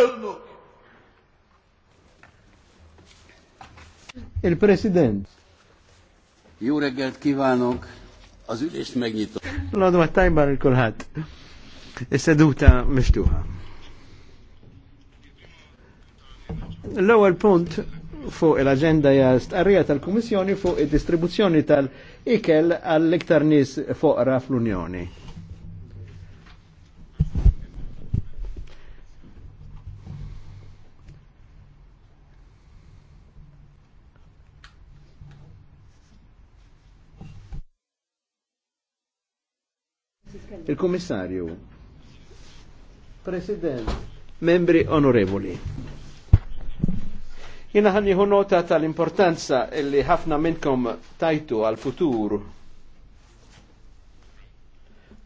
Elnuk. Il-President. Jó reggelt kívánok! Az ülést megnyitom. L-għadwa tajbar il-kulħat. Is-seduta miftuħa. L-ewwel punt fuq l-agenda hija stqarrija tal-Kummissjoni fuq id-distribuzzjoni tal-ikel għall-iktar nies foqra fl-Unjoni. Il-Kummissarju. President. Membri onorevoli. jina ħanniħu nota tal-importanza illi ħafna minnkom tajtu għal-futur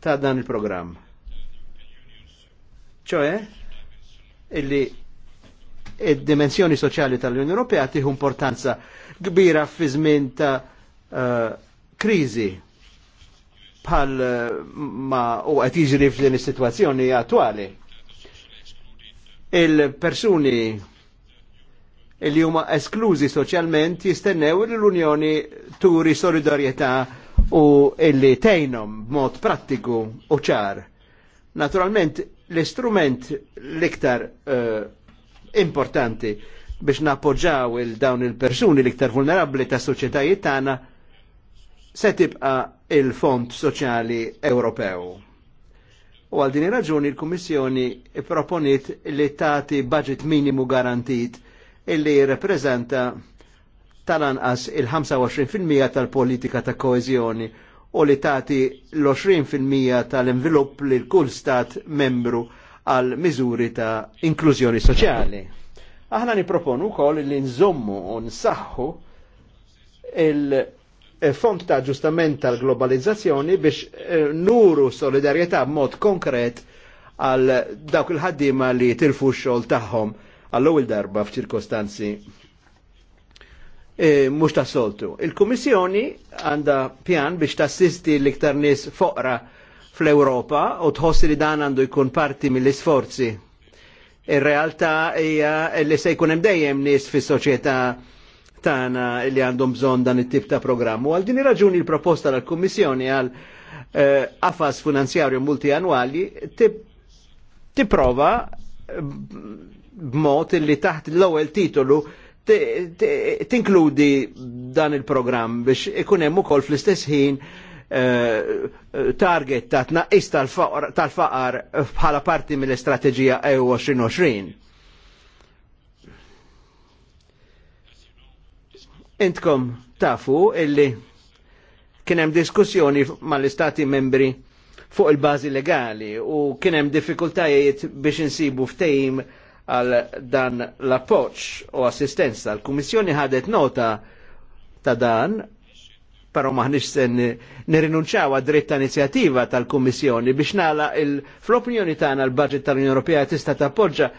ta' dan il-programm. ċoe, illi id-dimensjoni soċjali tal-Unjoni Ewropea tiħu importanza kbira fi żmien ta' uh, kriżi bħal eh, ma u għat jiġri f'din is-sitwazzjoni attwali. Il-persuni li huma esklużi soċjalment jistennew li l-Unjoni turi solidarjetà u illi tejnom b'mod prattiku u ċar. Naturalment l-istrument l-iktar uh, importanti biex nappoġġaw il-dawn il-persuni l-iktar vulnerabli ta' soċjetajiet tagħna se tibqa il-Fond Soċjali Ewropew. U għal din raġuni l-Kummissjoni proponit li tagħti budget minimu garantit illi jirrepreżenta tal-anqas il-25% tal-politika ta' koezjoni u li tagħti l-20% tal-envilupp li kull stat membru għal miżuri ta' inklużjoni soċjali. Aħna niproponu wkoll li nżommu u nsaħħu il- Eh, fond ta' ġustament tal-globalizzazzjoni biex eh, nuru solidarjetà mod konkret għal dawk il-ħaddima li tilfu xol tagħhom għall-ewwel darba f'ċirkostanzi mux eh, mhux ta' soltu. Il-Kummissjoni għandha pjan biex tassisti l-iktar nies foqra fl-Ewropa u tħossi li dan għandu jkun parti mill-isforzi. il realtà hija li se jkun hemm dejjem nies fis-soċjetà Tana li għandhom bżonn dan it-tip ta' programmu. għal din raġuni l-proposta tal-Kummissjoni għal qafas eh, finanzjarju multianwali tipprova eh, b'mod li taħt l-ewwel titolu tinkludi dan il-programm biex ikun hemm ukoll fl-istess ħin eh, target ta' tnaqqis tal-faqar bħala parti mill-istrateġija EU 2020. Intkom tafu illi kien hemm diskussjoni mal-istati membri fuq il-bażi legali u kien hemm diffikultajiet biex insibu ftehim għal dan l-appoġġ u assistenza. L-Kummissjoni ħadet nota ta' dan pero maħnix sen nirinunċaw dritta ta' inizjativa tal-Kommissjoni biex nala fl flopinjoni tagħna l-budget tal-Unjoni Ewropea tista' tappoġġa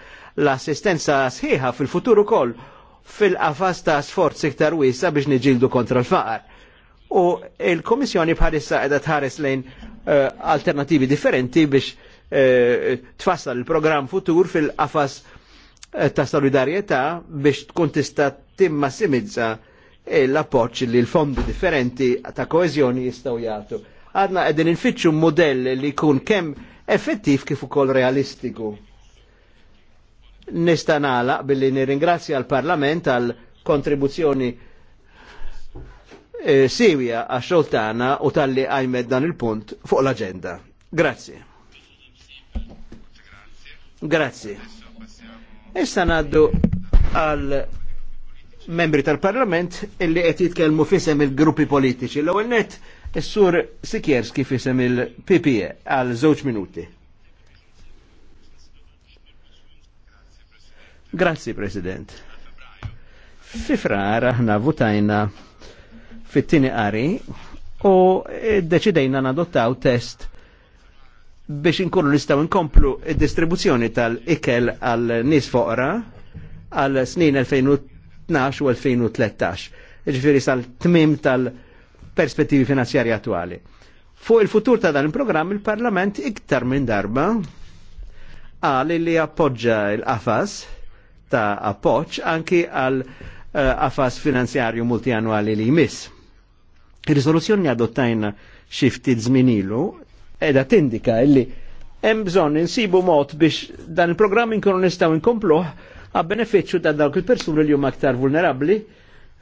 l-assistenza sħiħa fil-futur ukoll fil-qafas ta' sforz iktar wisa biex niġildu kontra l-faqar. U il-Komissjoni bħalissa qiegħda tħares lejn eh, alternativi differenti biex eh, tfassal il-programm futur fil-qafas eh, ta' solidarieta biex tkun tista' timmassimizza l-appoċ li l-fondi differenti ta' koezjoni jistgħu jagħtu. Għadna qegħdin infittxu model li jkun kem effettiv kif ukoll realistiku nistanala billi nirringrazzja għal parlament għal kontribuzzjoni e, siwja għax xoltana u talli għajmed dan il-punt fuq l-agenda. Grazie. Grazie. Issa naddu għal membri tal-Parlament illi qed jitkellmu fisem il-gruppi politiċi. L-ewwel net is-sur Sikjerski fisem il-PPE għal żewġ minuti. Grazzi, President. Fifrar aħna votajna fit-tini qari u e, deċidejna nadottaw test biex inkunu nistaw inkomplu id-distribuzzjoni tal-ikel għal nis foqra għal snin 2012 u 2013, Iġifiri sal-tmim tal-perspettivi finanzjari attuali. Fuq il-futur ta' dan il-programm il-Parlament iktar minn darba għal li appoġġa il-qafas ta' appoċ anki għal għafas eh, finanzjarju multianwali li jmiss. Il-risoluzzjoni adottajna xifti zminilu edha tindika illi hemm bżonn insibu mod biex dan il-programm inkunu nistgħu inkomploħ għab beneficju ta' dawk il-persuni li huma aktar vulnerabbli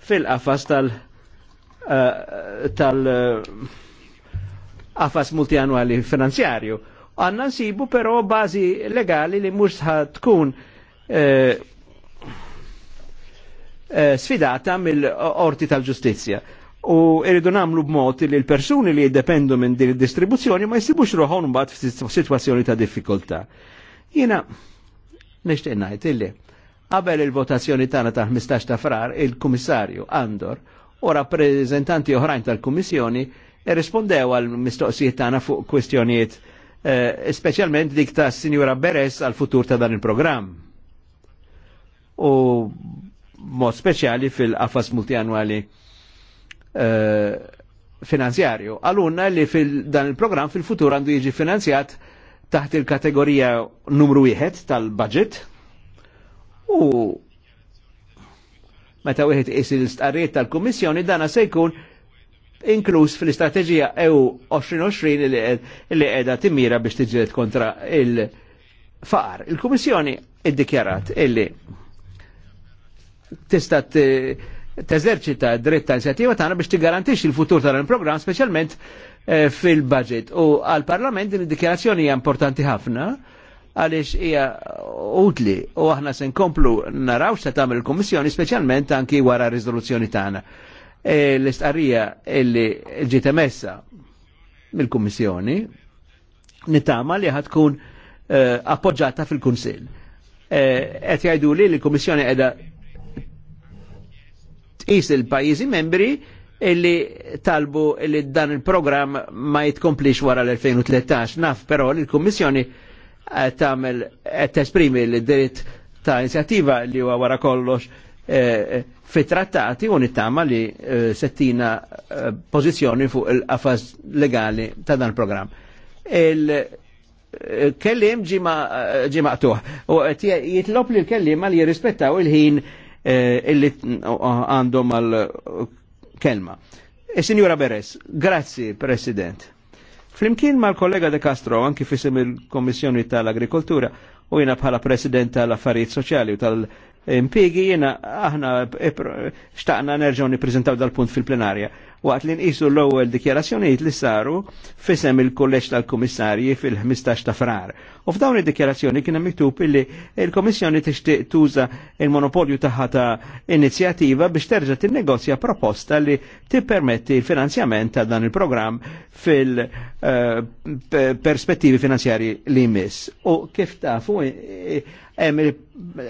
fil-qafas tal- eh, tal- għafas eh, uh, multianwali finanzjarju. Għanna nsibu però bażi legali li mhux tkun uh, Eh, sfidata mill-orti tal-ġustizja. U irridu namlu b'mod li l-persuni li jiddependu minn din id-distribuzzjoni ma jsibux ruħon mbagħad f'sitwazzjoni ta' diffikultà. Jiena nixtieq ngħid illi qabel il-votazzjoni tagħna ta' 15 ta' frar il-Kummissarju Andor u rappreżentanti oħrajn tal-Kummissjoni irrispondew għal mistoqsijiet tagħna fuq kwestjonijiet eh, speċjalment dik ta' Sinjura Beres għal futur ta' dan il-programm. U mod speċjali fil-qafas multianwali uh, finanzjarju. Għalunna li fil dan il-program fil-futur għandu jiġi finanzjat taħt il-kategorija numru wieħed tal-budget u meta wieħed is l-istqarriet tal-Kummissjoni dana se jkun inkluż fil-istrateġija EU 2020 li qiegħda timira biex tiġiet kontra il-faqar. Il-Kummissjoni iddikjarat illi tista teżerċita dritt ta' inizjattiva tagħna biex tigarantix il-futur tal-programm speċjalment eh, fil-budget. U għal-Parlament din id-dikjarazzjoni hija importanti ħafna għaliex hija utli u aħna se nkomplu naraw se tagħmel il-Kummissjoni speċjalment anki wara riżoluzzjoni tagħna. E, l-istqarrija illi ġiet emessa mill-Kummissjoni nitama li ħatkun tkun eh, appoġġata fil-Kunsill. E, qed jgħidu li l-Kummissjoni qiegħda tqis il-pajjiżi membri illi talbu li dan il-programm ma jitkomplix wara l-2013. Naf però li l-Kummissjoni eh, tagħmel qed eh, tesprimi l-dritt ta' inizjattiva li huwa wara kollox eh, fit trattati u nittama li settina pożizzjoni fuq il-qafas legali ta' dan il programm Il-kellim ġima tuħ u jitlop li l-kellim għal jirrispettaw il-ħin Eh, illi għandhom għal eh, kelma. E, signora Beres, grazzi President. Flimkien mal-kollega De Castro, anki fissim il-Kommissjoni tal-Agrikoltura, u jena bħala President tal-Affarijiet Soċjali u tal-Impigi, jena aħna eh, xtaqna nerġaw niprezentaw dal-punt fil-plenarja waqt li nqisu l-ewwel dikjarazzjonijiet li saru fisem il kulleġġ tal-kummissarji fil-15 ta' frar. U f'dawn id-dikjarazzjoni kien hemm miktub illi il-Kommissjoni tixtieq tuża il-monopolju tagħha ta' inizjattiva biex terġa' tinnegozja proposta li tippermetti l-finanzjament ta' dan il-programm fil-perspettivi eh, finanzjarji li jmiss. U kif tafu eh, eh, hemm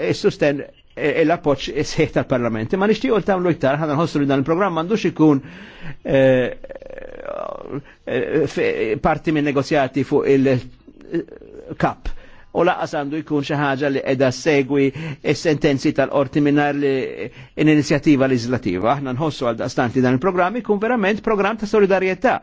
is sustenn E, e l-appoċ e sħiħ tal-parlament. Ma nixtiequ l tagħmlu iktar, ħana nħossu li dan il-programm m'għandux ikun parti minn negozjati fuq il-kap. U laqqas għandu jkun xi ħaġa li qiegħda segwi s-sentenzi tal-qorti mingħajr l inizjativa legislativa. Aħna nħossu għal daqstanti dan il-programm ikun verament programm ta' solidarjetà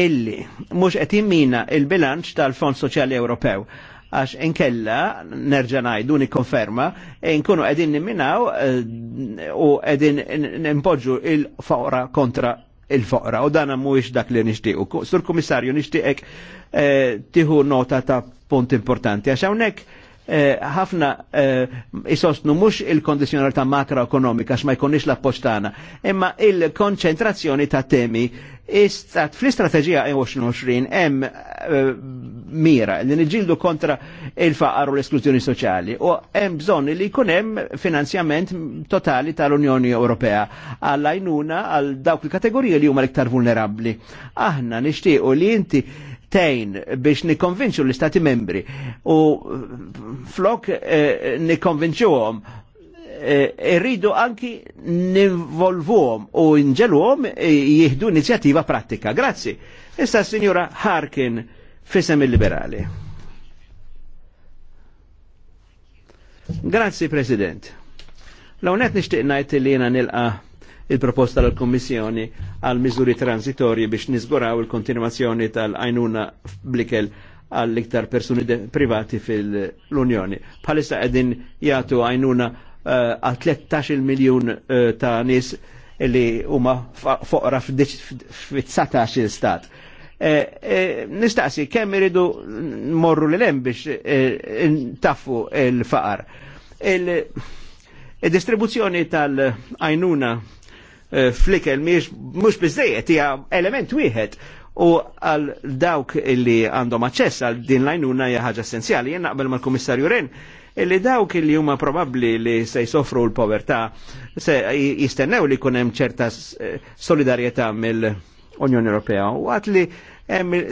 illi mhux qed jimmina il-bilanċ tal-Fond Soċjali Ewropew għax inkella nerġa' ngħidu nikonferma e nkunu qegħdin nimminaw eh, u qegħdin nimpoġġu il-foqra kontra il-foqra u dan mhuwiex dak li nixtiequ. Sur kommissarju nixtieqek eh, tiħu nota ta' punt importanti għax hawnhekk Eh, ħafna eh, isostnu mux il-kondizjonalità makroekonomika x'ma jkunniex l-appoġġ imma il-konċentrazzjoni ta' temi istat fl-istrateġija 2020 hemm eh, mira li niġildu kontra il-faqar u l-esklużjoni soċjali u hemm bżonn li jkun hemm finanzjament totali tal-Unjoni Ewropea għall għajnuna għal dawk il-kategoriji li huma l-iktar vulnerabbli. Aħna nixtiequ li inti tejn biex nikonvinċu l-istati membri u flok eh, nikonvinċuhom eh, irridu e anki nivolvuhom u nġeluhom eh, jihdu inizjattiva pratika. Grazzi. Issa signora Harkin fisem il-liberali. Grazzi President. Law net nixtieq ngħid li jiena nilqa' il-proposta l-Kommissjoni għal miżuri transitorji biex nizguraw il-kontinuazzjoni tal-għajnuna blikel għall iktar persuni privati fil-Unjoni. Bħalissa għedin jgħatu għajnuna eh, għal 13 miljon eh, ta' nis li huma foqra f il stat. Eh, nistaqsi, kemm iridu morru l-lem biex taffu il-faqar il-distribuzzjoni tal-ajnuna Eh, flikel mhux biżejjed hija element wieħed u għal dawk illi għandhom aċċess għal din lajnuna hija ħaġa essenzjali. jenna naqbel mal-Kummissarju Ren illi dawk illi huma probabbli li se jsofru l-povertà se jistennew li jkun hemm ċerta eh, solidarieta mill-Unjoni Ewropea u għat li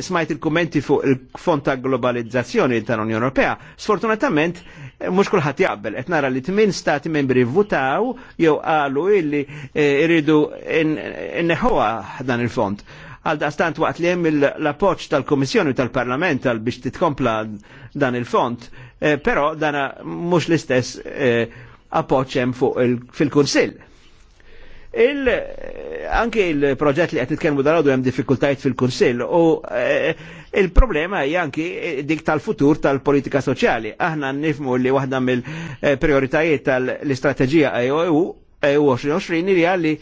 smajt il kumenti fuq il-fond ta' globalizzazzjoni tal-Unjoni Ewropea, sfortunatament eh, mhux kulħadd jaqbel qed nara li tmien stati membri vvutaw jew qalu illi eh, iridu inneħħuha dan il-fond. Għal daqstant waqt li hemm l-appoġġ tal-Kummissjoni tal-Parlament għal biex titkompla dan il-fond, eh, però dana mhux l-istess appoġġ hemm fuq fil-Kunsill Il, anke il-proġett li qed nitkellmu dal hemm diffikultajiet fil-Kunsill u eh, il-problema hija anki eh, dik tal-futur tal-politika soċjali. Aħna nifmu li waħda mill-prioritajiet tal-istrateġija EU 2020 e hija li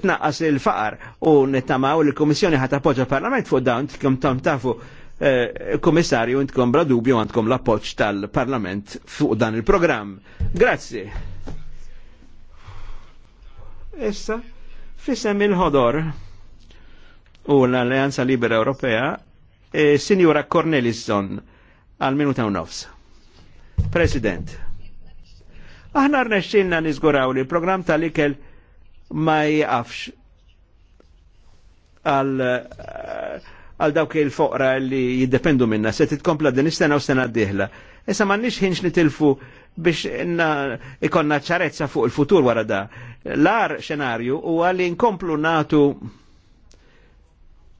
itnaqqas il-faqar u nittamaw li l-Kummissjoni ħat appoġġa parlament fuq dawn kemm tam tafu e, eh, komissarju intkom bla dubju għandkom l-appoġġ tal-Parlament fuq dan il-programm. Grazzi. Issa, fissem il-ħodor u l-Alleanza Libera Ewropea, e Signora Cornelison għal minuta u nofs. President, aħna rnexxinna nizguraw li l-programm tal-ikel ma jgħafx għal uh, għal dawk il-foqra li jiddependu minna, se titkompla din istena u sena d-dihla. Issa ma nix ħinx nitilfu biex ikonna ċarezza fuq il-futur wara da. L-ar xenarju u għalli nkomplu natu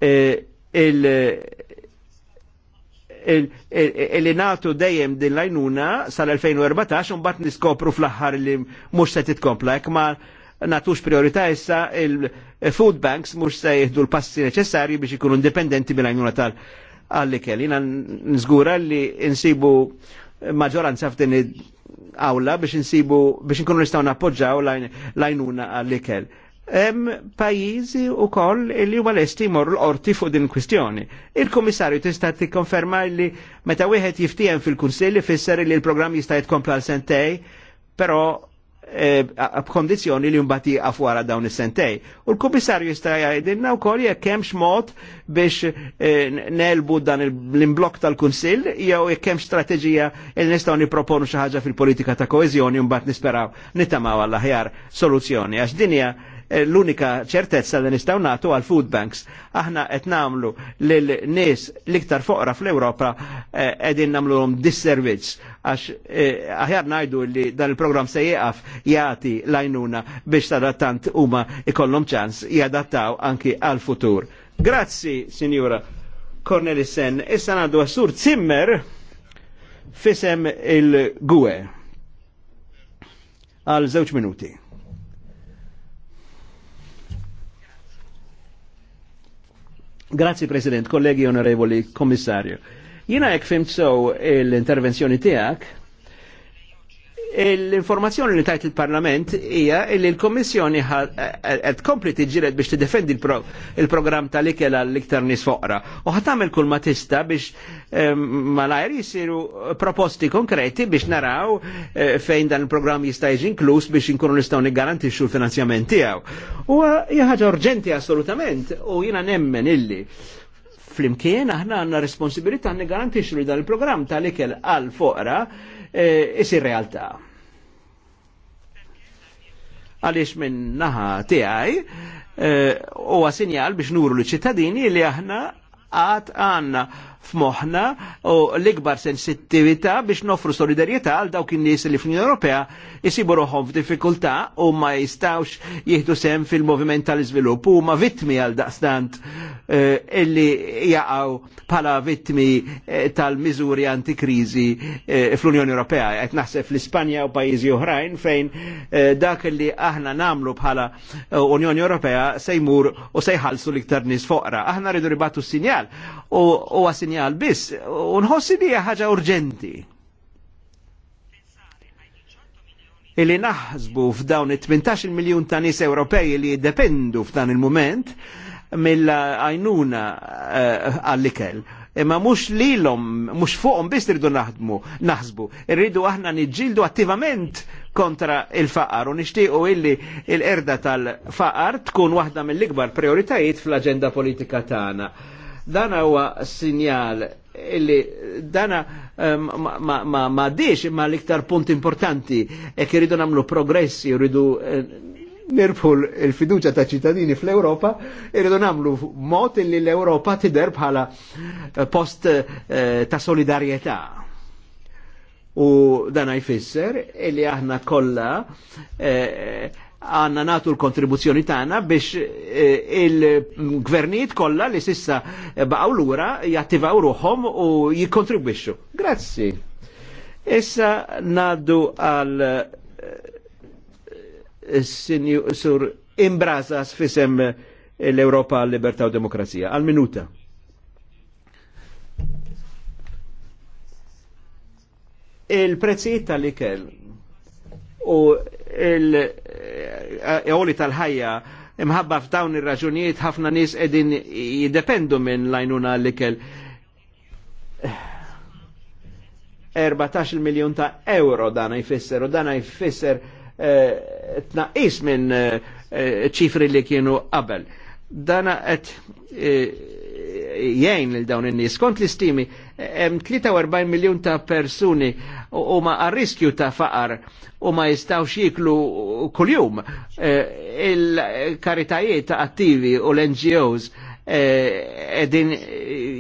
eh, il- natu dejjem din lajnuna sal-2014 un bat niskopru fl-ħar li mux se titkompla, ek ma' natux priorità issa il-food banks mux se jihdu l-passi neċessarji biex ikunu indipendenti bil għajnuna tal-għalli Jina Nżgura li nsibu maġoranza f'din il-għawla biex nsibu biex nkunu nistaw nappoġġaw lajnuna Em ikel Hemm pajjiżi wkoll li huwa lesti jmorru l orti fuq din kwistjoni. Il-Kummissarju tista' tikkonferma li meta wieħed jiftijem fil-Kunsill ifisser li l-programm jista' jitkompla l sentej, però Eh, b'kondizjoni li mbagħad għafwara dawn is-sentej. U l-Kummissarju jista' jgħidilna wkoll jekk hemmx mod biex eh, nelbu dan l-imblok tal-Kunsill jew jekk kemm strateġija li nistgħu nipproponu xi ħaġa fil-politika ta' koeżjoni u mbagħad nisperaw nitamaw għall aħjar soluzzjoni għax dinja l-unika ċertezza li nistaw natu għal food banks. Aħna qed namlu lil nies l-iktar foqra fl-Ewropa eh, qegħdin namluhom disservizz għax eh, aħjar najdu li dan il-programm se jieqaf jagħti lajnuna biex tadattant huma ikollhom ċans jadattaw anki għal futur. Grazzi, Sinjura Cornelissen. Issa għandu għassur Zimmer fisem il gwe Għal żewġ minuti. Grazie President, kollegi onorevoli, kommissarju. Jina jek fimt so l-intervenzjoni tijak, L-informazzjoni li tajt il-Parlament hija li l-Kommissjoni qed kompli tiġġieled biex tiddefendi il-programm tal-ikel għall-iktar nies foqra. U ħatamel kull ma tista biex malajr jisiru proposti konkreti biex naraw eh, fejn dan il-programm jista' jiġi inkluż biex inkunu nistgħu niggarantixxu l-finanzjament tiegħu. Huwa hija ħaġa urġenti assolutament u jiena nemmen illi flimkien aħna għandna responsabilità niggarantixxu li dan il programm tal-ikel għal-foqra Eh, isir realtà. Għaliex minn naħa tijaj, eh, huwa sinjal biex nuru l-ċittadini li aħna għad għanna f'moħħna u l-ikbar sensittività biex nofru solidarjetà għal dawk in-nies li fl-Unjoni Ewropea isibu ruħhom f'diffikultà u ma jistawx jieħdu sem fil-moviment tal-iżvilupp u ma vittmi għal daqstant eh, illi jaqgħu bħala vittmi eh, tal-miżuri antikriżi eh, fl-Unjoni Ewropea. Qed naħseb l ispanja u pajjiżi oħrajn fejn dak li aħna namlu bħala Unjoni Ewropea se jmur u se jħallsu l-iktar nies foqra. Aħna rridu ribatu sinjal u għasin sinjal biss, u nħossi li ħaġa urġenti. Illi naħsbu f'dawn it-18 miljun ta' nies Ewropej li jiddependu f'dan il-moment mill-għajnuna eh, għall-ikel. imma mux lilom, mux fuqom biss rridu naħdmu, naħsbu. Irridu aħna nġildu attivament kontra il-faqar u nishtiqu illi il-erda tal-faqar tkun waħda mill-ikbar prioritajiet fl-agenda politika tagħna. Dan huwa sinjal illi dana ehm, ma, ma, ma, ma ma l-iktar punt importanti e kiridu namlu progressi, jridu eh, nirfu il-fiduċa ta' ċittadini fl-Europa, irridu e namlu mot illi l-Europa tider bħala eh, post eh, ta' solidarietà. U dana jfisser illi aħna kolla għanna natu l-kontribuzzjoni tagħna biex eh, il-gvernijiet kollha li sissa baqgħu lura jattivaw ruħhom u jikkontribwixxu. Grazzi. Issa naddu għal eh, sur imbrazas fisem l-Europa l Libertà u Demokrazija. Għal minuta. Il-prezzijiet tal-ikel u il- Eh, eoli tal-ħajja imħabba f'dawn ir-raġunijiet ħafna nies qegħdin jiddependu minn lajnuna l-ikel. 14 miljon ta' euro dana jfisser u dana jfisser eh, tnaqis minn eh, ċifri li kienu qabel. Dana qed jgħin l dawn in-nies. Kont l-istimi hemm 43 miljun ta' persuni u ma għarriskju ta' faqar u ma jistawx jiklu kuljum. Eh, il-karitajiet attivi u l-NGOs eh, edin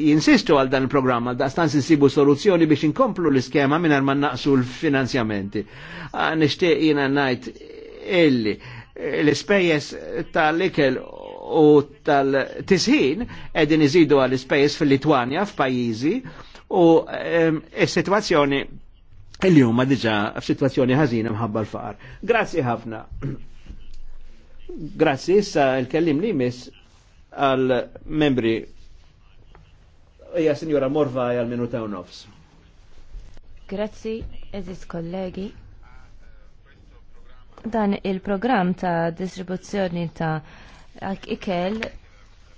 jinsistu għal dan il-programma, għal stan sinsibu soluzzjoni biex inkomplu l-iskema minn ma naqsu l-finanzjamenti. Ah, nishtiq jina najt illi eh, l-spejjes tal-ikel u tal-tisħin edin iżidu għal-spejjes fil-Litwanja, f'pajjiżi u s-situazzjoni il-jum ma diġa f-situazzjoni ħazina mħabba l-faqar. Grazzi ħafna. Grazzi, issa il-kellim li mis għal-membri ja signora Morva għal-minuta u nofs. Grazzi, eżis kollegi. Dan il-program ta' distribuzzjoni ta' ikel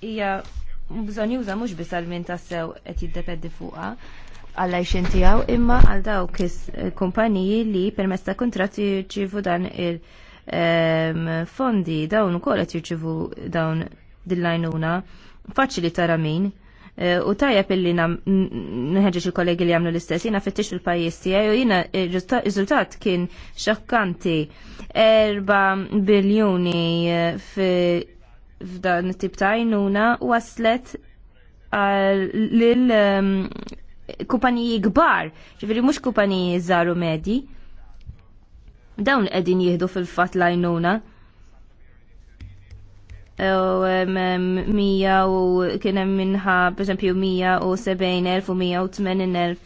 hija bżonn juża mhux biss għal min tassew qed jiddependi fuqha, għall-għajxin tijaw imma għal kis eh, kumpaniji li permess ta' kontrat jirċivu dan il-fondi ehm, dawn ukoll qed jirċivu dawn dil-lajnuna faċli tara min eh, u tajja illi nħeġġeġ il-kollegi li għamlu l-istess jiena fittix il pajjiż tiegħi u il-rizultat eh, kien xokkanti 4 biljuni f'dan it-tip ta' għajnuna waslet lil ehm, kumpaniji kbar, ġifiri mhux kumpaniji zaru medi Dawn qegħdin jieħdu fil-fatt lajnuna. Mija u kienem minnħa, per esempio, mija u sebejn elf u mija u tmenin elf.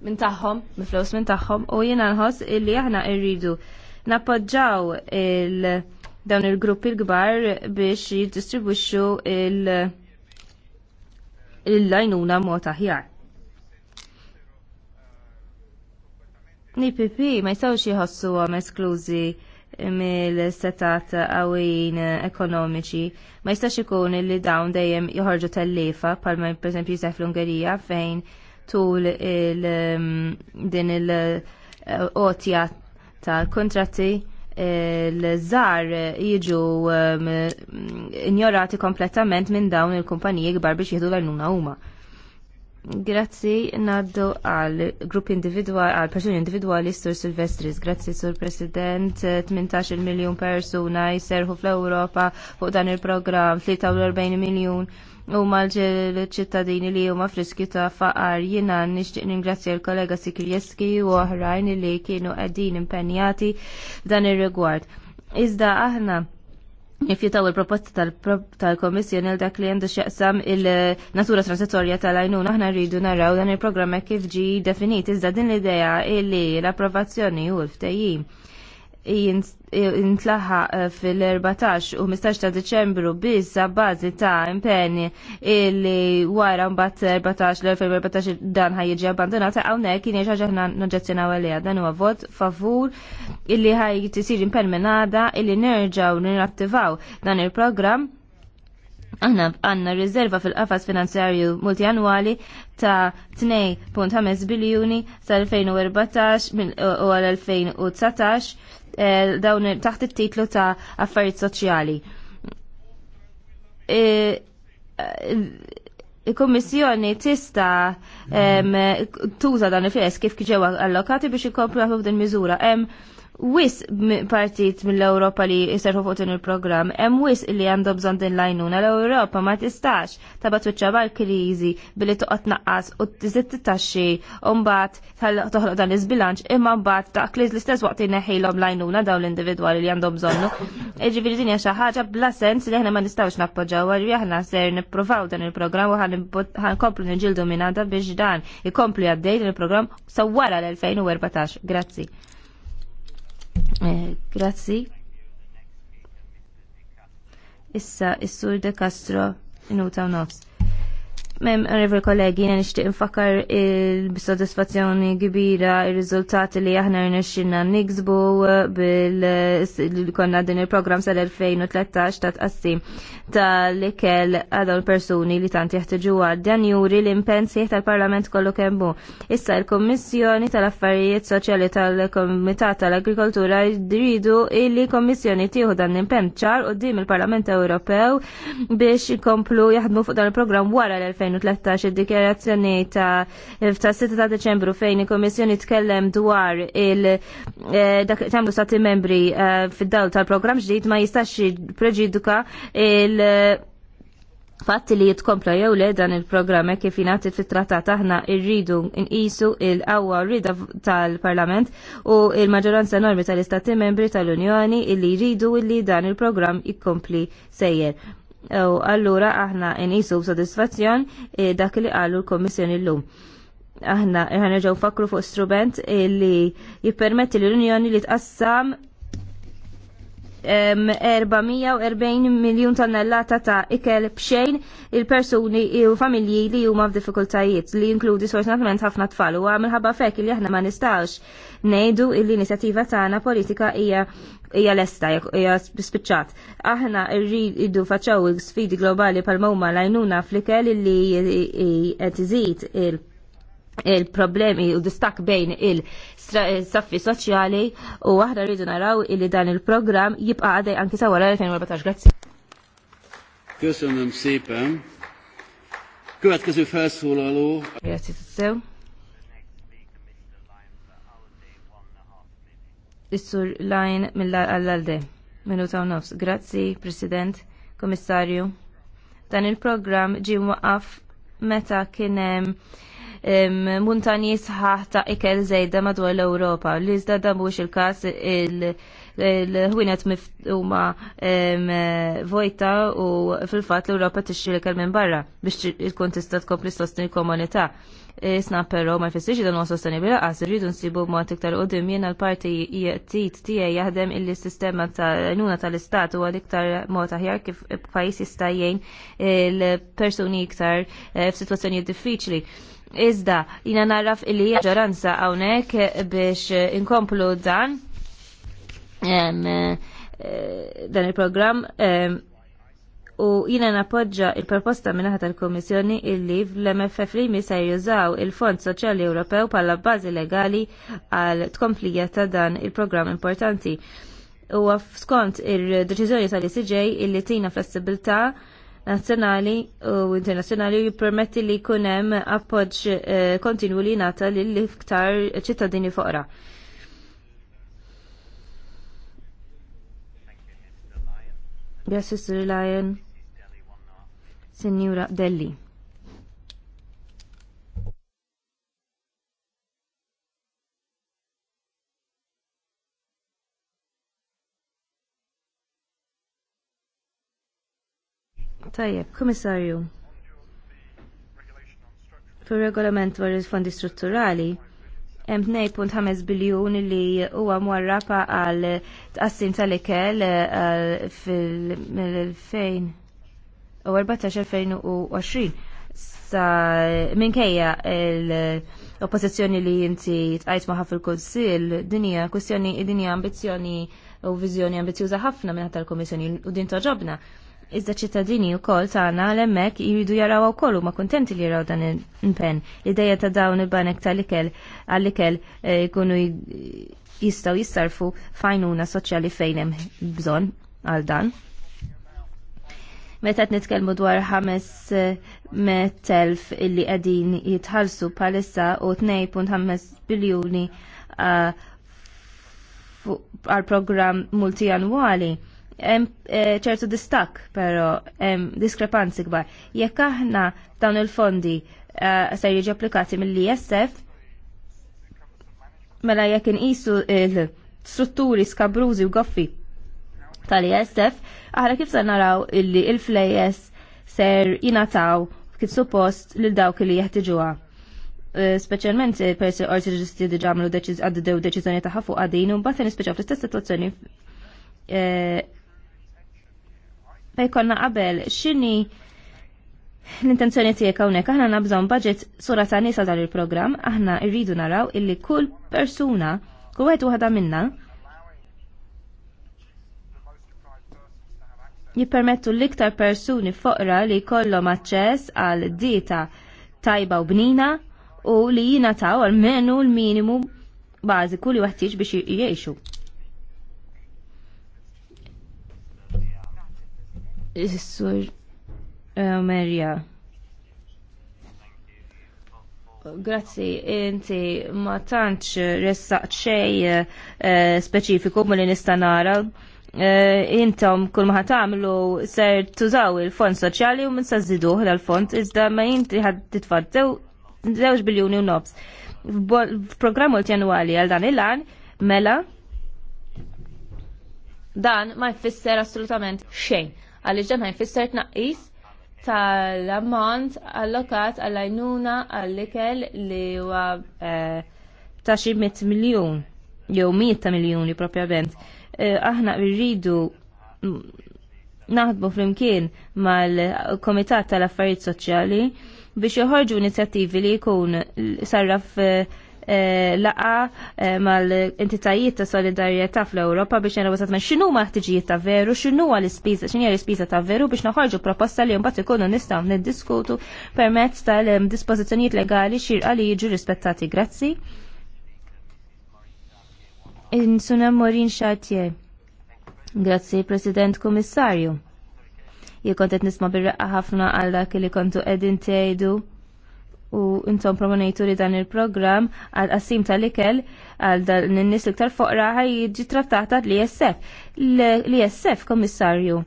Minn tagħhom, min flus minn tagħhom u jiena nħoss illi aħna rridu nappoġġaw il- dawn il-gruppi l-kbar biex jiddistribwixxu il-lajnuna mod aħjar. l ma jistgħux jħossu esklużi mill-setat għawin ekonomiċi. Ma jistax ikun li dawn dejjem joħorġu tal-lefa, palma per fl ungerija fejn tul il, mm, din il-qotja eh, tal-kontratti l-żar jiġu um, injorati kompletament minn dawn il-kumpaniji kbar biex jieħdu l-għajnuna huma. Grazzi naddu għal grupp individual, għal persuni individuali Sur Silvestris. Grazzi Sur President, 18 miljon persuna jiserħu fl-Europa fuq dan il-program, 43 miljon u mal ċittadini li huma friski ta' faqar jina nixtieq ningrazzja l-kollega Sikirjeski u oħrajn li kienu qegħdin impenjati f'dan ir-rigward. Iżda aħna Nifjitaw il-proposta tal-Komissjoni għal dak li għandu xaqsam il-natura transitorja tal ajnuna aħna rridu naraw dan il-programma kif ġi definit iżda din l-idea illi l-approvazzjoni u l-ftejjim jintlaħa eh, fil-14 u 15 ta' Deċembru bizza bazi ta' impenni illi wara mbagħad 14 l-2014 dan ħajġi abbandonata hawnhekk kien ħaġa ħna naġġezzjonaw għalija dan huwa vot favur illi ħaj tisir impermenada illi u nirattivaw dan il-programm Aħna għanna rizerva fil-qafas finanzjarju multianwali ta' 2.5 biljuni sal-2014 u għal-2019 Eh, dawn taħt it-titlu ta' affarijiet soċjali. Eh, eh, Il-Kommissjoni tista' tuża dan il-fjes kif ġewa allokati biex ikomplu din miżura. Hemm wis partit mill-Europa li jiserħu fuq din il-programm, hemm wis li għandu bżonn din lajnuna l-Europa ma tistax tabat wiċċa kriżi billi toqgħod naqqas u tiżid titaxxi u mbagħad toħloq dan iż-bilanċ imma mbagħad taqliż l-istess waqt l lajnuna dawn l-individwali li għandhom bżonnu. Iġifieri e din hija xi ħaġa bla sens li aħna ma nistgħux nappoġġaw għalli aħna ser nippruvaw dan il-programm u ħankomplu niġildu minn biex dan ikomplu għaddej din il-programm wara l-2014. Grazzi. Eh, grazzi. Issa, is-sur De Castro, inuta u nofs. Mem, rivri kollegi, jena nishtiq nfakkar il-bisodisfazzjoni kbira il-rizultati li aħna rnexxinna niksbu bil-konna din il-program sal-2013 ta' tqassim ta' l-ikel għadhom persuni li tant għad, dan juri l-impensi tal-Parlament kollu kembu. Issa l-Kommissjoni tal-Affarijiet Soċjali tal-Komitat tal-Agrikoltura dridu illi kommissjoni tieħu dan l-impenn ċar u il-Parlament Ewropew biex komplu jaħdmu fuq dan il-programm wara l-2013 2013 id dikjarazzjoni ta' ta' 6 ta' Deċembru fejn il-Komissjoni tkellem dwar il eh, dak ċembru stati membri eh, fid-dawl tal-programm ġdid ma jistax preġiduka il- eh, Fatti li jitkompla jew le dan il-programm kif jingħati fit-trattat aħna rridu nqisu il-qawwa rida tal-Parlament u il-maġġoranza normi tal-Istati Membri tal-Unjoni illi jridu illi dan il-programm ikkompli sejjer. U allura aħna nqisu b'sodisfazzjon eh, dak li qalu l-Kommissjoni llum. Aħna ħanerġgħu fakru fuq strument eh, li jippermetti l-Unjoni li tqassam 440 miljun tonnellata ta' ikel bxejn il-persuni u familji li huma f'diffikultajiet li jinkludi sfortunatament ħafna tfal u minħabba fek li aħna ma nistax ngħidu l-inizjattiva tagħna politika hija hija lesta hija spiċċat. Aħna rridu faċċaw sfidi globali pal mawma lajnuna fl-ikel li qed iżid il- il-problemi u distak bejn il-saffi soċjali u aħna rridu naraw illi dan il-programm jibqa' għadej anki sa wara 2014. Grazzi. Köszönöm szépen. Következő felszólaló. Grazie, Is-sur Lajn mill-Allalde. Minuta ta' nofs. Grazzi, President, Komissarju. Dan il-programm ġi waqaf meta kien hemm muntanji sħaħ ta' ikel żejda madwar l-Ewropa. Li iżda dan mhux il-każ il-ħwienet huma vojta u fil-fatt l-Ewropa tixxilek minn barra biex il-kontista tkompli sostni komunità. komunità isna però ma jfissirx dan huwa sostenibbli qas irridu nsibu b'mod iktar qudiem jiena l-parti tit e tiegħi jaħdem il-sistema ta' għajnuna tal-istat huwa iktar mod aħjar kif pajjiż jista' jgħin l-persuni iktar eh, f'sitwazzjonijiet diffiċli. Iżda, jina narraf illi ġoranza għawnek biex inkomplu dan eh, dan il-program u jina napoġġa il-proposta minnaħat tal-Komissjoni illi fl-MFF li jmisa jużaw il-Fond Soċjali Ewropew pala bazi legali għal tkomplija ta' dan il-programm importanti. U skont il-deċiżjoni tal-ICJ illi tina flessibilta nazzjonali u internazzjonali jippermetti li kunem appoġġ eh, kontinwu li nata lill-iktar ċittadini foqra. Yes, Sister Lion. Signora Delli. Tajjeb, komissarju, fil regolament dwar il-fondi strutturali, hemm 2.5 biljun li huwa mwarrapa għal tqassim tal-ikel eh, fil-2000. 2014-2020 sa minkejja l-oppożizzjoni li inti tqajt ma' fil-Kunsill dinja kwestjoni dinja ambizzjoni u viżjoni ambizjuża ħafna minn tal-Kummissjoni u din toġobna. Iżda ċittadini u kol tagħna l-hemmhekk jiridu jaraw ukoll ma' kuntenti li jaraw dan il-pen. l ideja ta' dawn il-banek tal-ikel għall-ikel eh, kunu jistgħu jissarfu fajnuna soċjali fejn hemm bżonn għal dan. Meta qed nitkellmu dwar 500,000 eh, illi qegħdin jitħallsu bħalissa u 2.5 biljuni eh, għal programm hemm eh, ċertu distak, hemm diskrepanzi kbar. Jekk aħna dawn il-fondi se jiġi applikati mill-ISF, mela jekk inqisu il-strutturi skabrużi u goffi tal-ISF, aħna kif se naraw illi il-flejes ser jinataw kif suppost lil dawk li jeħtiġuha eh, Speċjalment persi orti ġusti diġa għamlu għaddew deċizjoni taħħa fuq għadin, un mbagħad nispeċaw fl-istess situazzjoni eh, fej konna qabel xini l-intenzjoni tiegħek hawnhekk aħna nabżon budget sura ta' nisa dan il-programm, aħna rridu naraw illi kull persuna kull wieħed waħda minna jippermettu l-iktar persuni foqra li jkollhom aċċess għal dieta tajba u bnina u li għal menu l-minimu bażiku li waħtieġ biex jgħixu. Is-sur eh, Grazzi, inti ma tantx ressaq xej eh, speċifiku ma li nista' Eh, intom kull maħat tagħmlu ser tużaw il-fond soċjali u minn sa żiduh l-fond iżda ma inti ħad titfad zewġ biljuni u nobs. F'programm multjanwali għal dan il lan mela dan ma jfisser assolutament xejn għaliex dan ma jfisser tnaqqis tal-ammont allokat għall-għajnuna għall-ikel li huwa eh, ta' xi mit miljun jew 100 ta' miljuni propjament. Eh, aħna rridu naħdmu flimkien mal-Komitat tal-Affarijiet Soċjali biex joħorġu inizjattivi li jkun sarraf eh, eh, laqa mal-entitajiet ta' solidarjetà fl-Ewropa biex jena wasatna xinu ma' ħtiġijiet ta' veru, xinu l-ispiża, xinu l-ispiża ta' veru biex naħorġu proposta li mbagħad ikunu nistgħu niddiskutu permezz tal-dispożizzjonijiet legali xirqa li jiġu rispettati. Grazzi. Insuna Morin Xartier. Grazzi, President Komissarju. Jekon qed nisma' bir-raqqa ħafna għal dak li kontu qegħdin tgħidu u intom promonejtu li dan il-programm għal qasim tal-ikel għal dan in l iktar foqra ħaj jiġi trattata l-ISF. L-ISF, Komissarju,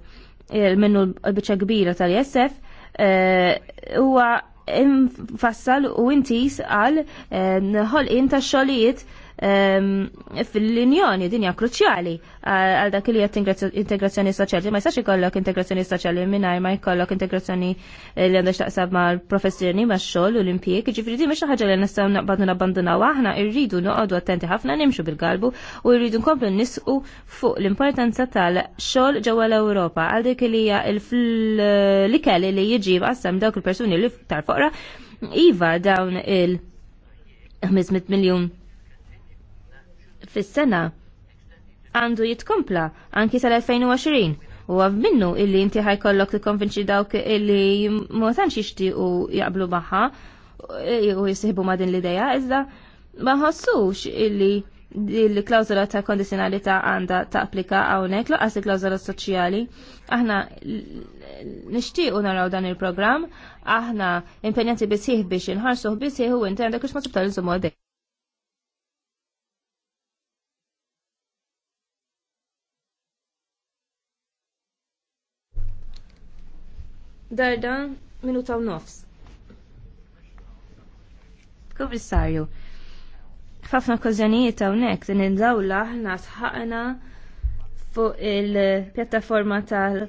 minnu l bicċa kbira tal-ISF, eh, huwa infassal u intis għal eh, ħolqien ta' xogħlijiet Ehm, fil-Unjoni dinja kruċjali għal dak li integrazzjoni soċjali. Ma jistax ikollok integrazzjoni soċjali mingħajr ma jkollok integrazzjoni eh, li għandha x'taqsab mal-professjoni max-xogħol u l-impjieg. Jiġifieri mhix ħaġa li nistgħu naqbadu nabbandunaw aħna rridu noqogħdu attenti ħafna nimxu bil-galbu u rridu nkomplu nisqu fuq l-importanza tal-xogħol ġewwa l-Ewropa għal dik li hija l-ikel li jiġi qassam dawk il-persuni li tarfoqra iva dawn il 500 miljon fis-sena għandu jitkompla anki sal-2020 u għav minnu illi inti ħajkollok tikkonvinċi dawk illi ma tantx u jaqblu magħha eh, u jisihbu ma din l-ideja iżda ma ħossux illi il-klawzola ta' kondizjonalità għandha ta' applika hawnhekk laqas il-klawzola soċjali. Aħna nixtiequ naraw dan il-programm, aħna impenjati bisih biex inħarsuh bisih u inti għandek biex ma tibtal iżomu għadek. Darda minuta u nofs. Komissarju, f'ħafna okkażjonijiet hawnhekk din id-dawla aħna sħaqna fuq il-pjattaforma tal-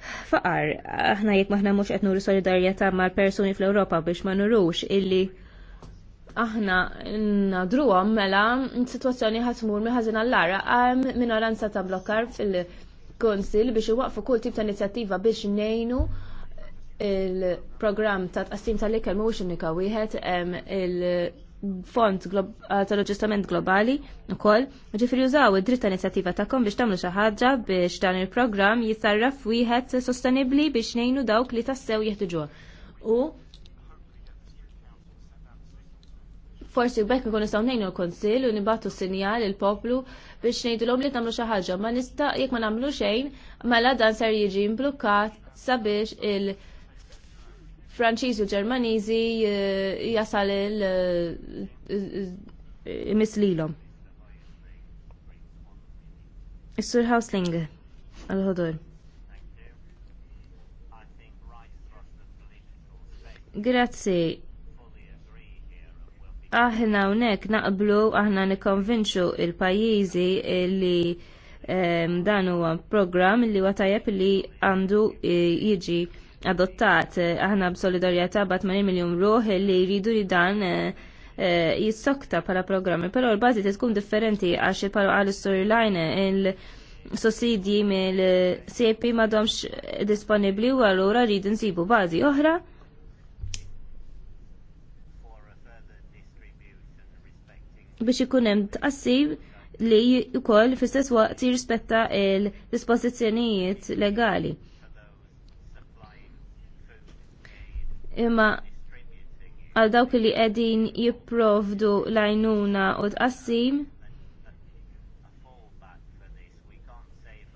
Faqar, aħna jekk maħna mhux qed nuru solidarjetà mal-persuni fl europa biex ma nurux illi aħna nadruhom mela situazzjoni ħatmur miħazin għallara għam minoranza ta' blokkar fil- konsil biex iwaqfu kull tip ta' inizjattiva biex nejnu il program ta' tqassim tal-ikel mhuwiex unika wieħed hemm il-Fond eh, tal-Aġġustament Globali wkoll, ġifieri użaw id-dritt ta' inizjattiva tagħkom biex tagħmlu xi ħaġa biex dan il-programm jisarraf wieħed sostenibbli biex ngħinu dawk li tassew jeħtiġuha. U Forsi bekk nkun nistgħu ngħinu l-Kunsill u nibatu sinjal il-poplu biex ngħidulhom li tagħmlu xi ħaġa, ma nista' jekk ma nagħmlu xejn, mela dan ser jiġi mblukkat sabiex il- Franċiżi u Ġermaniżi eh, jasal il-mislilhom. Eh, eh, Is-Sur Hausling għal-ħodur. Grazzi aħna hawnhekk naqblu aħna nikkonvinċu l pajjiżi li ehm, dan huwa programm li huwa tajjeb li għandu e, jiġi adottat aħna b'solidarjetà bat 80 miljun ruħ li jridu li dan e, e, jissokta bħala programmi, però l-bażi tkun differenti għax paru għal storyline il- sussidji mill-CP domx disponibli u għallura rridu nsibu bażi oħra biex ikun hemm tqassib li jkoll fl-istess waqt jirrispetta l-dispożizzjonijiet legali. Imma għal dawk li qegħdin jipprovdu l-għajnuna u tqassim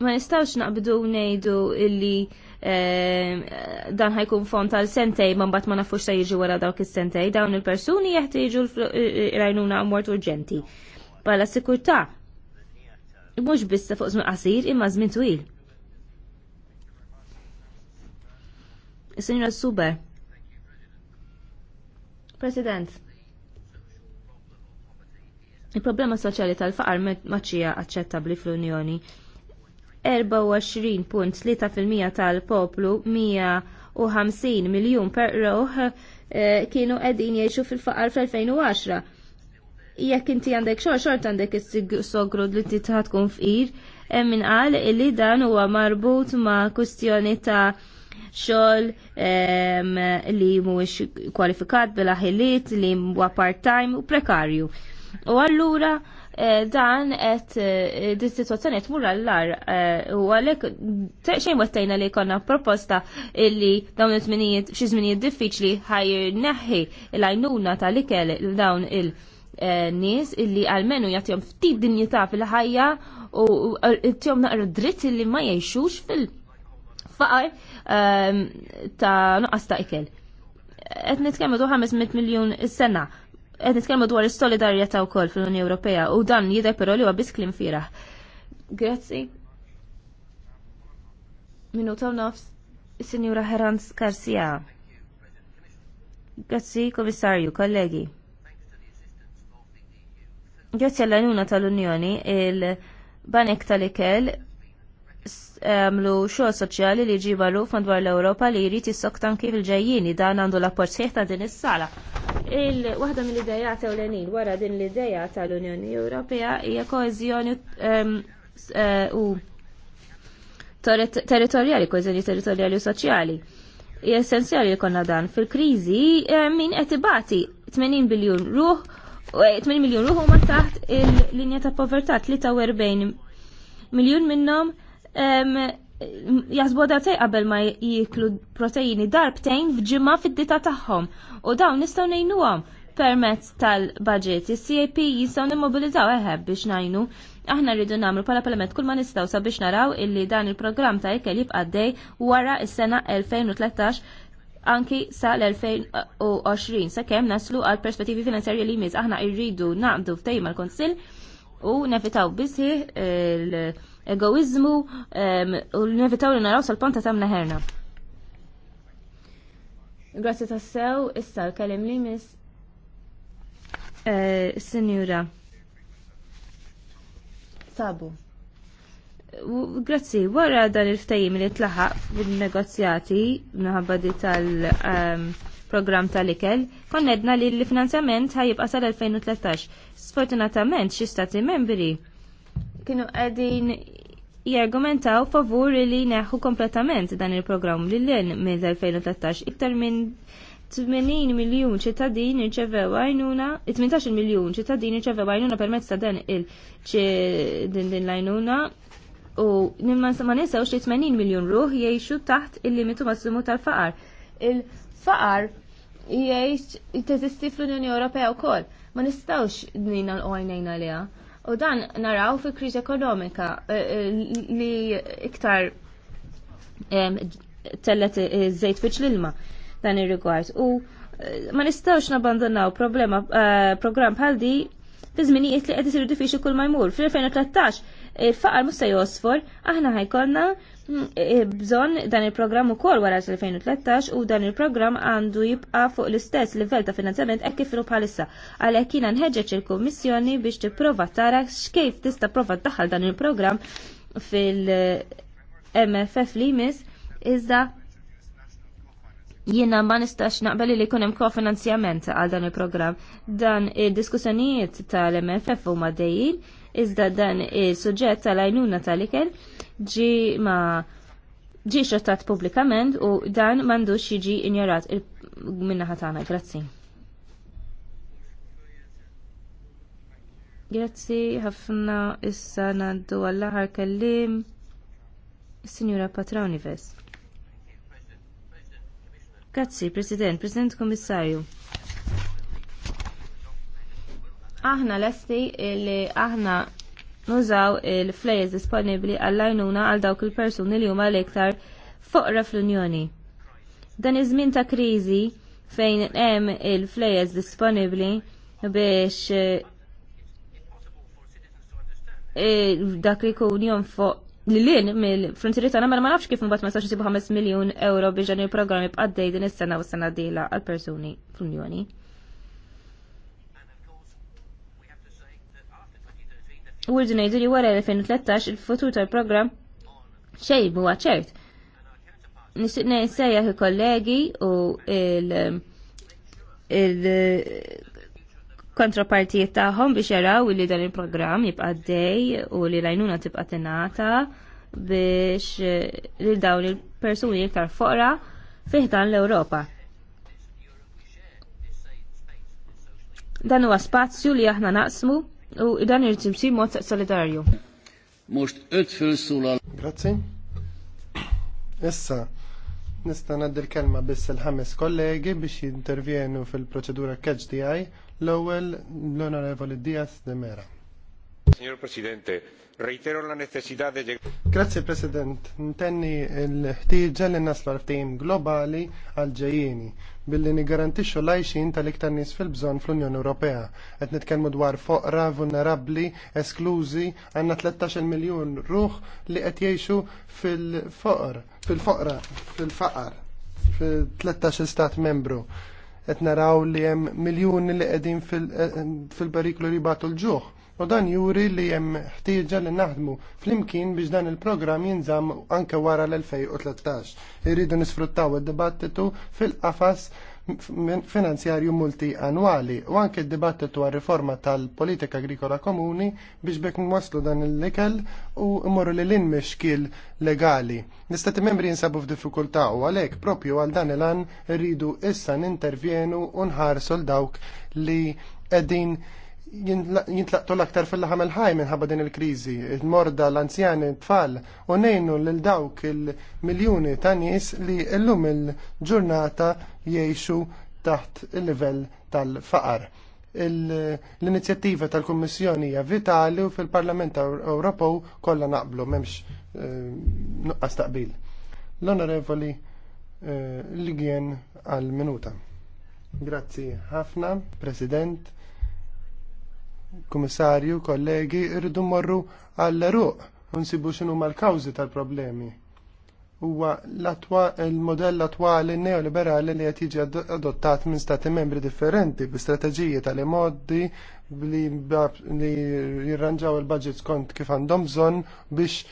ma nistawx naqbdu ngħidu illi Ehm, dan ħajkun font għal sentej man bat ma nafux ta' jiġi wara dawk is-sentej dawn il-persuni jeħtieġu rajnuna mort urġenti. Bħala sikurtà mhux biss fuq żmien qasir imma żmien twil. is Suber. President. Il-problema soċjali tal-faqar maċċija aċċettabbli fl-Unjoni 24.3% tal-poplu 150 miljun per roħ eh, kienu qegħdin jgħixu fil-faqar fl-2010. Jekk inti għandek xogħol xort għandek is sogru li titħad tkun fqir, min qal illi dan huwa marbut ma' kwistjoni ta' xogħol li mhuwiex kwalifikat bil-aħiliet li huwa part-time u prekarju. U allura eh, dan qed eh, di situazzjoni qed mur l lar eh, u għalhekk xejn wettejna li konna proposta illi dawn il-tminijiet xi żminijiet diffiċli ħajr neħħi l-għajnuna tal-ikel dawn il- nis illi għalmenu jagħtihom ftit dinjità fil-ħajja u jagħtihom naqra dritt illi ma jgħixux fil-faqar ta' nuqqas ta' ikel. Qed nitkellmu 500 miljun s sena qed nitkellmu dwar is-solidarjetà wkoll fl-Unjoni Ewropea u dan jidher però li huwa biss klim firaħ. Grazzi. Minuta u nofs, Sinjura Herans Garcia. Grazzi, Komissarju, kollegi. Grazzi għall-għajnuna tal-Unjoni il-Banek tal-Ikel għamlu xogħol soċjali li ġibalu madwar l-Ewropa li jrid jissok tanki fil-ġejjini dan għandu l-apport ta' din is-sala il-waħda mill-ideja ta' l wara din l-ideja tal-Unjoni Ewropea hija koezjoni ehm, eh, u territorjali, koezjoni territorjali u soċjali. Hija essenzjali li konna dan. Fil-kriżi eh, min qed ibati 80 biljun ruħ 8 eh, miljon ruħu ma taħt il-linja ta' povertà 43 miljon minnhom ehm, jasbu tej qabel ma jiklu proteini darbtejn fġimma fid-dita tagħhom u dawn nistgħu ngħinuhom permezz tal-budget. Is-CAP jistgħu nimmobilizzaw eħeb biex ngħinu. Aħna rridu nagħmlu bħala parlament kull ma nistgħu sabiex naraw illi dan il-programm ta' ikel jibqa' dej wara s-sena 2013 anki sa l-2020 sakemm naslu għal perspettivi finanzjarji li jmiss aħna rridu naqdu ftejma l-Konsill u nefitaw bisħi l- egoizmu u l-nevitaw li naraw sal-ponta tamna neħerna. Grazie tassew, issa l kellim li mis eh, Signora Sabu. Grazzi, wara dan il-ftajim li tlaħaq bil-negozjati minnaħabba di tal-program tal-ikel, konnedna li l-finanzjament ħajib sal-2013. Sfortunatament, xi stati membri kienu għedin jargumentaw favur li neħu kompletament dan il-programm li l-len minn 2013 iktar minn 80 miljon ċittadin irċevew għajnuna, 18 miljon ċittadin irċevew għajnuna permezz ta' dan il-din din l-għajnuna u ma nisawx li 80 miljon ruħ jgħixu taħt il-limitu massimu tal-faqar. Il-faqar jgħix teżisti fl-Unjoni Ewropea wkoll. Ma nistgħux nina l-għajnejna liha U dan naraw fi kriżi ekonomika eh, eh, li iktar tellet żejt eh, fiċ l-ilma dan ir-rigward. U ma nistawx nabandonaw problema program bħal di fi żminijiet li qed isiru diffiċli kull ma jmur. Fil-2013 il-faqar musta josfor, aħna ħajkonna mm, eh, bżon dan il-programm u kol wara 2013 u dan il-programm għandu jibqa fuq l-istess livell ta' finanzjament ek kifru bħalissa. Għalhekk jiena nħeġġeġ il-Kummissjoni biex tipprova tara x'kejf tista' prova t-daħal dan il-programm fil-MFF li jmiss iżda jiena ma nistax naqbel li jkun hemm kofinanzjament għal dan il-programm. Dan id-diskussjonijiet eh, tal-MFF huma dejjin iżda dan is-suġġett tal-għajnuna tal-ikel ġi ma ġi xrattat publikament u dan m'għandux jiġi injorat minna ħatana. Grazzi. Grazzi ħafna issa naddu għall kellim. Signora Patroni Grazzi, President, President Commissario. Aħna lesti li aħna nużaw il-flejers disponibli għall-għajnuna għal dawk il-persuni li huma l-iktar foqra fl-Unjoni. Dan iż-żmien ta' kriżi fejn hemm il-flejers disponibbli biex eh, dak li jkun fuq li lin mill-frontieri tagħna ma nafx kif mbagħad ma jistax isibu 5 miljun euro biex dan il-programm jibqa' din is-sena u s-sena dila għal persuni fl-Unjoni. Wildu nejdu li wara 2013 il-futur tal-programm xej huwa ċert. Nixtieq nsejjaħ il-kollegi u il- il-kontrapartijiet tagħhom biex jaraw li dan il-programm jibqa' dej u li lajnuna tibqa' tingħata biex li dawn il-persuni iktar foqra fih dan l-Ewropa. Dan huwa spazju li aħna naqsmu u dan si mod solidarju. Mux t fil-sula. Grazzi. Issa, nista naddir kelma biss il-ħames kollegi biex jintervjenu fil-proċedura catch DI l-ewwel l-Onorevoli Diaz de Mera. Signor Presidente, reitero la necessità di... Grazie President, ntenni l-ħtieġa li naslu ftehim globali għal ġejjieni billi niggarantixxu l-għajxin tal-iktar nies fil-bżonn fl-Unjoni Ewropea. Qed nitkellmu dwar foqra, vulnerabbli, esklużi, għandna 13 miljun ruħ li qed jgħixu fil foqra fil-foqra, fil-faqar, fil-13 stat membru qed naraw li hemm miljuni li qegħdin eh, fil-periklu li jibgħatu l-ġuħ u dan juri li hemm ħtijġa li naħdmu flimkien biex dan il-programm jinżam anke wara l-2013. Irridu nisfruttaw id-dibattitu fil-qafas finanzjarju multi annuali u anke d-dibattitu għal riforma tal-politika agrikola komuni biex bekk nwaslu dan il-likel u mmorru li l-in mexkil legali. L-istati membri jinsabu f'diffikultà u għalek propju għal dan il-an rridu issa n u nħarsu l-dawk li edin jintlaqtu l-aktar fil-ħamel ħaj minħabba din il-krizi, il-morda, l-anzjani, tfal, u nejnu l-dawk il-miljoni ta' nies li l-lum il-ġurnata jiexu taħt il-level tal-faqar. L-inizjattiva tal-Kommissjoni hija vitali u fil-Parlament Ewropew kollha naqblu m'hemmx eh, nuqqas taqbil. L-Onorevoli eh, Ligien għal minuta. Grazzi ħafna, President Kommissarju, kollegi, irridu morru għall-ruq unsibu xinu mal-kawzi tal-problemi. Huwa il-modell attwali neoliberali li qed jiġi adottat minn stati membri differenti bi strateġiji tal-modi li jirranġaw il-budget skont kif għandhom bżonn biex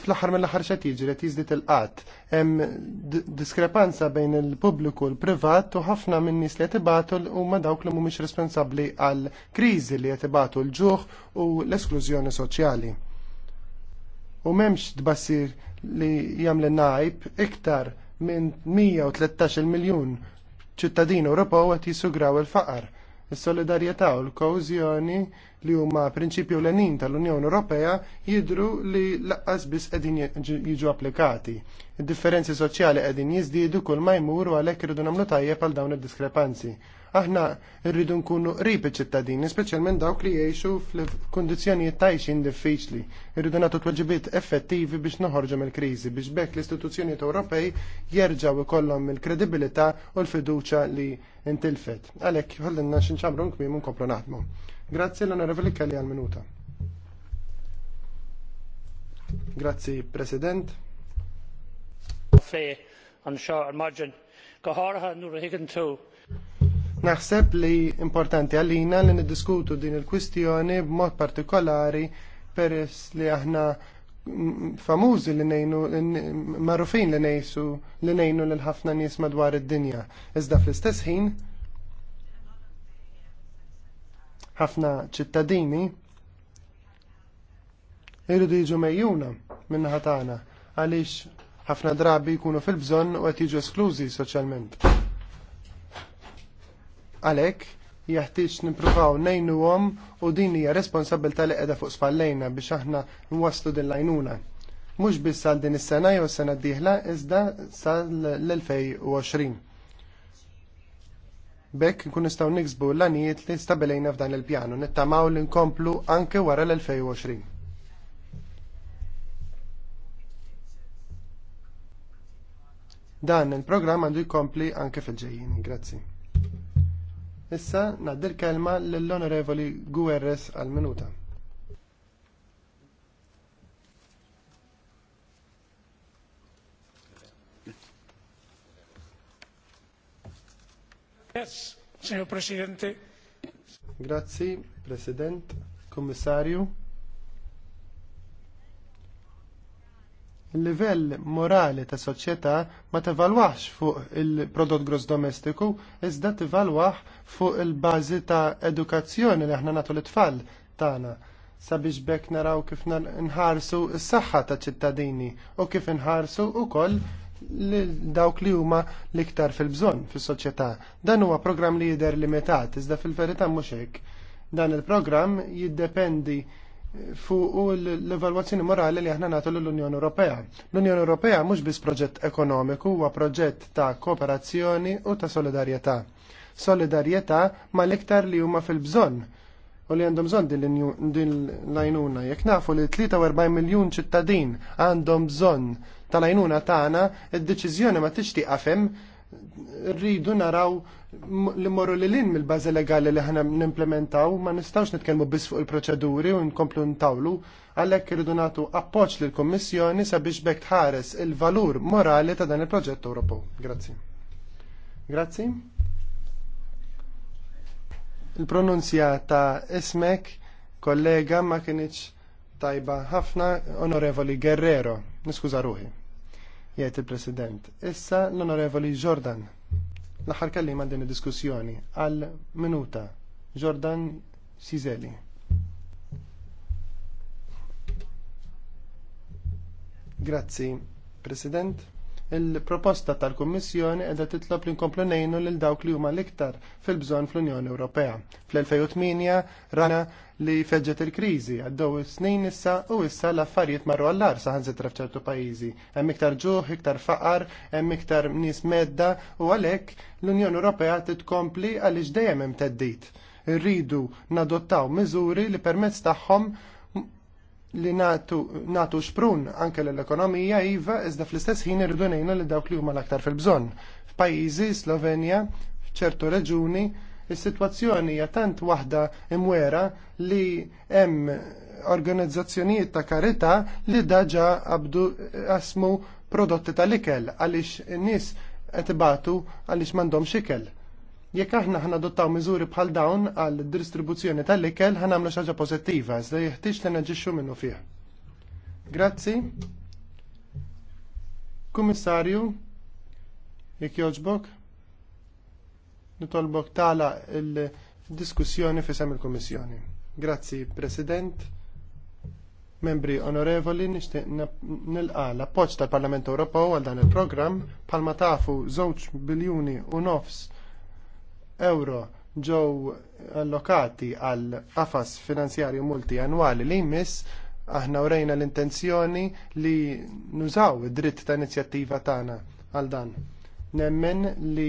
fl-aħħar mill-aħħar xa tiġri qed jiżdied il-qatt. Hemm diskrepanza bejn il-pubbliku u l-privat u ħafna minn nies li qed ibatu huma dawk li mhumiex responsabbli għal kriżi li qed ibatu l-ġuħ u l-esklużjoni soċjali. U m'hemmx tbassir li jagħmel najb iktar minn 113 miljun ċittadin Ewropew qed jisugraw il-faqar Is-solidarjetà u l-kohżjoni li huma prinċipju lenin tal-Unjoni Ewropea jidru li laqqas biss qegħdin jiġu applikati. Id-differenzi soċjali qegħdin jiżdiedu kull ma jmur u għalhekk irridu nagħmlu tajjeb għal dawn id-diskrepanzi. Aħna rridu nkunu qrib iċ-ċittadini, speċjalment dawk li jgħixu f'kundizzjonijiet tajxin diffiċli. Irridu nagħtu tweġibiet effettivi biex noħorġu mill-kriżi biex bekk l-istituzzjonijiet Ewropej jerġgħu ikollhom il-kredibilità u l-fiduċja li intilfet. Għalhekk ħollinna xinċabru nkmim nkomplu naħdmu. Grazzi l-Onorevoli Kelly għal-minuta. Grazzi, President Fej, an seo marġin. Kaħarħa go háirithe nuair Naħseb li importanti għalina li niddiskutu din il-kwistjoni b'mod partikolari peress li aħna famużi li nejnu, marrufin li nejsu li nejnu l ħafna nies madwar id-dinja. Iżda fl-istess ħin, ħafna ċittadini irridu jiġu mejjuna tagħna għaliex ħafna drabi jkunu fil-bżonn u qed jiġu esklużi soċjalment. Għalhekk nipruvaw nippruvaw għom u din hija responsabilità li qiegħda fuq spallejna biex aħna nwaslu din l-għajnuna. Mhux biss għal din is-sena jew sena d-dieħla iżda sal-2020. Bekk nkun nistgħu niksbu l-għanijiet li stabilejna f'dan il-pjanu nittamaw li nkomplu anke wara l-2020. Dan il-programm għandu jkompli anke fil-ġejjin. Grazzi. Issa naddi l-kelma l onorevoli Guerres għal-minuta. Yes, signor Presidente. Grazie, President, Commissario. il-livell morali ta' soċjetà ma tevalwax fuq il-prodott gross domestiku, iżda tivalwah fuq il-bażi ta' edukazzjoni li aħna nagħtu l-tfal tagħna sabiex bekk naraw kif nħarsu s-saħħa ta' ċittadini u kif nħarsu wkoll dawk li huma l-iktar fil-bżonn fis-soċjetà. Dan huwa programm li jidher limitat, iżda fil-verità mhux hekk. Dan il-programm jiddependi fuq l-evalwazzjoni morali li aħna nagħtu l-Unjoni Ewropea. L-Unjoni Ewropea mhux biss proġett ekonomiku huwa proġett ta' kooperazzjoni u ta' solidarjetà. Solidarjetà mal iktar li huma fil-bżonn u li għandhom bżonn din l-għajnuna. Jekk nafu li 43 miljun ċittadin għandhom bżonn tal-għajnuna tagħna, id-deċiżjoni ma tixtieq għafem rridu naraw li morru li lin mill-bazi legali li ħana nimplementaw, ma nistawx nitkellmu biss fuq il-proċeduri u nkomplu ntawlu, għalhekk irridu nagħtu appoġġ lill kummissjoni sabiex bek tħares il-valur morali ta' dan il-proġett Ewropew. Grazzi. Grazzi. Il-pronunzja ta' ismek kollega ma kienieċ tajba ħafna onorevoli Guerrero. Niskuża ruħi jgħid il-President. Issa l-Onorevoli Jordan. L-aħħar kellim għal din id-diskussjoni għal minuta. Jordan Sizeli. Grazzi, President il-proposta tal-Kummissjoni qiegħda titlob li nkomplu nejnu lil dawk li huma l-iktar fil-bżonn fl-Unjoni Ewropea. Fl-2008 rana li feġġet il-kriżi għaddew snin issa u issa l-affarijiet marru għall-ar saħanżitra f'ċertu pajjiżi. Hemm iktar ġuħ, iktar faqar, hemm iktar nies medda u għalhekk l-Unjoni Ewropea titkompli għaliex dejjem hemm teddit. Irridu nadottaw miżuri li permezz tagħhom li natu, natu xprun anke l-ekonomija iva, iżda fl-istess ħin irridu ngħinu li dawk li huma l-aktar fil-bżonn. F'pajjiżi, Slovenja, f'ċertu reġuni, is-sitwazzjoni hija tant waħda imwera li hemm organizzazzjonijiet ta' karità li daġa abdu asmu prodotti tal-ikel għaliex in nies qed ibatu għaliex m'għandhomx ikel. Jekk aħna ħna adottaw miżuri bħal dawn għal distribuzzjoni tal-ikel ħan għamlu xaġa pozittiva, iżda jeħtieġ li naġixxu minnu fih. Grazzi. Kummissarju, jekk joġbok, nitolbok tala il-diskussjoni fi il-Kummissjoni. Grazzi, President membri onorevoli nixtieq nilqa l-appoġġ tal-Parlament Ewropew għal dan il-programm palma tafu żewġ biljuni u nofs euro ġew allokati għal qafas finanzjarju annwali li jmiss aħna urejna l-intenzjoni li nużaw id-dritt ta' inizjattiva tagħna għal dan. Nemmen li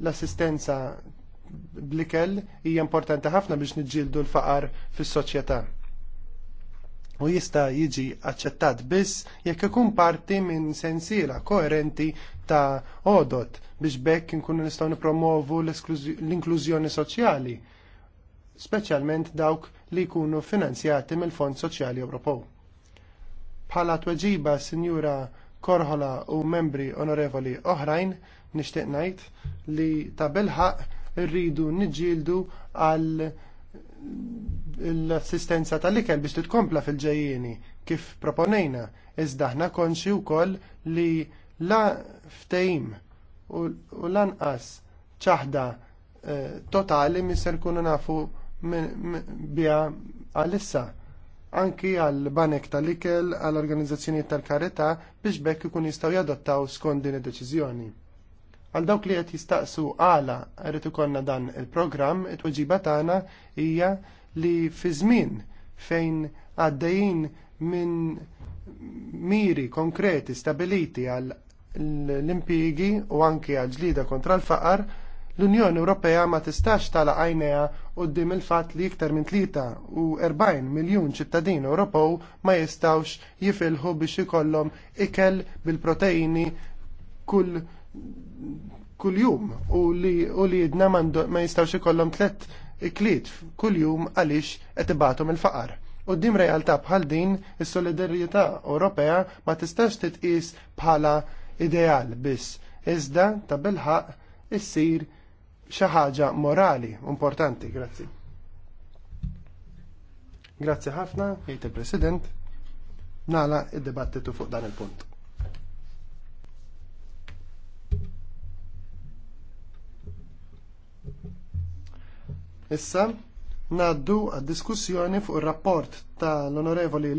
l-assistenza blikel hija importanti ħafna biex niġġieldu l-faqar fis-soċjetà u jista jiġi aċċettat biss jekk ikun parti minn sensiela koerenti ta' odot biex bekk nkunu nistgħu nipromovu l-inklużjoni soċjali, speċjalment dawk li jkunu finanzjati mill-Fond Soċjali Ewropew. Bħala tweġiba Sinjura Korhola u membri onorevoli oħrajn nixtieq ngħid li ta' bilħaq irridu niġġieldu għal l-assistenza tal-ikel biex titkompla fil-ġejjieni kif proponejna, iżda aħna konxi wkoll li la ftejim u lanqas ċaħda eh, totali misser kunu nafu biha għalissa anki għal banek tal-ikel, għal organizzazzjonijiet tal-karita biex bekk ikun jistgħu jadottaw skont din id-deċiżjoni. Għal dawk li qed jistaqsu għala rrid ikollna dan il-programm, it-tweġiba tagħna hija li fi żmien fejn għaddejjin minn miri konkreti stabiliti għal l-impjigi u anki għal ġlida kontra l-faqar, l-Unjoni Ewropea ma tistax tala għajnejha qudiem il-fatt li iktar minn u 40 miljun ċittadin Ewropew ma jistawx jifilħu biex ikollhom ikel bil-proteini kull kuljum u li u li jedna ma jistawx ikollhom tlet ikliet kuljum għaliex qed ibatom il-faqar. U dim realtà bħal din is-solidarjetà Ewropea ma tistax titqis bħala ideal biss, iżda ta' bilħaq issir xi ħaġa morali importanti, grazzi. Grazzi ħafna, jgħid il-President. Nala id-dibattitu fuq dan il-punt. Issa, naddu għad diskussjoni fuq ir rapport tal-Onorevoli